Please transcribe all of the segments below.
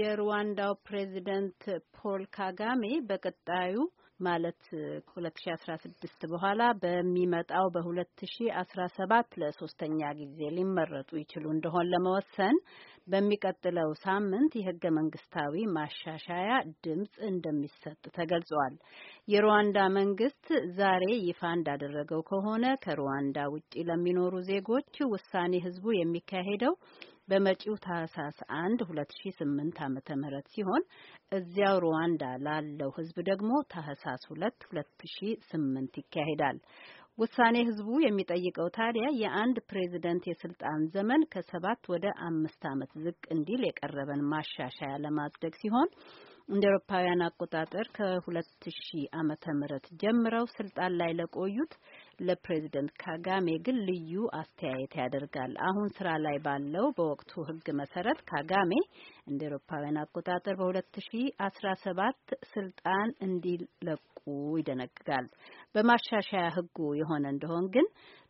የሩዋንዳው ፕሬዚደንት ፖል ካጋሜ በቀጣዩ ማለት ከ2016 በኋላ በሚመጣው በ2017 ለሶስተኛ ጊዜ ሊመረጡ ይችሉ እንደሆን ለመወሰን በሚቀጥለው ሳምንት የህገ መንግስታዊ ማሻሻያ ድምፅ እንደሚሰጥ ተገልጿል። የሩዋንዳ መንግስት ዛሬ ይፋ እንዳደረገው ከሆነ ከሩዋንዳ ውጪ ለሚኖሩ ዜጎች ውሳኔ ህዝቡ የሚካሄደው በመጪው ታህሳስ 1 2008 ዓመተ ምህረት ሲሆን እዚያው ሩዋንዳ ላለው ህዝብ ደግሞ ታህሳስ 2 2008 ይካሄዳል። ውሳኔ ህዝቡ የሚጠይቀው ታዲያ የአንድ ፕሬዝደንት የስልጣን ዘመን ከሰባት ወደ አምስት ዓመት ዝቅ እንዲል የቀረበን ማሻሻያ ለማጽደቅ ሲሆን እንደ ኤሮፓውያን አቆጣጠር ከሁለት ሺህ ዓመተ ምህረት ጀምረው ስልጣን ላይ ለቆዩት ለፕሬዝደንት ካጋሜ ግን ልዩ አስተያየት ያደርጋል። አሁን ስራ ላይ ባለው በወቅቱ ህግ መሰረት ካጋሜ እንደ ኤሮፓውያን አቆጣጠር በሁለት ሺህ አስራ ሰባት ስልጣን እንዲለቁ ይደነግጋል። በማሻሻያ ህጉ የሆነ እንደሆን ግን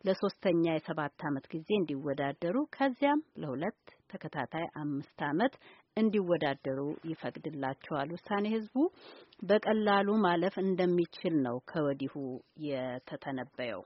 ለሶስተኛ የሰባት አመት ጊዜ እንዲወዳደሩ ከዚያም ለሁለት ተከታታይ አምስት አመት እንዲወዳደሩ ይፈቅድላቸዋል። ውሳኔ ህዝቡ በቀላሉ ማለፍ እንደሚችል ነው ከወዲሁ የተተነበየው።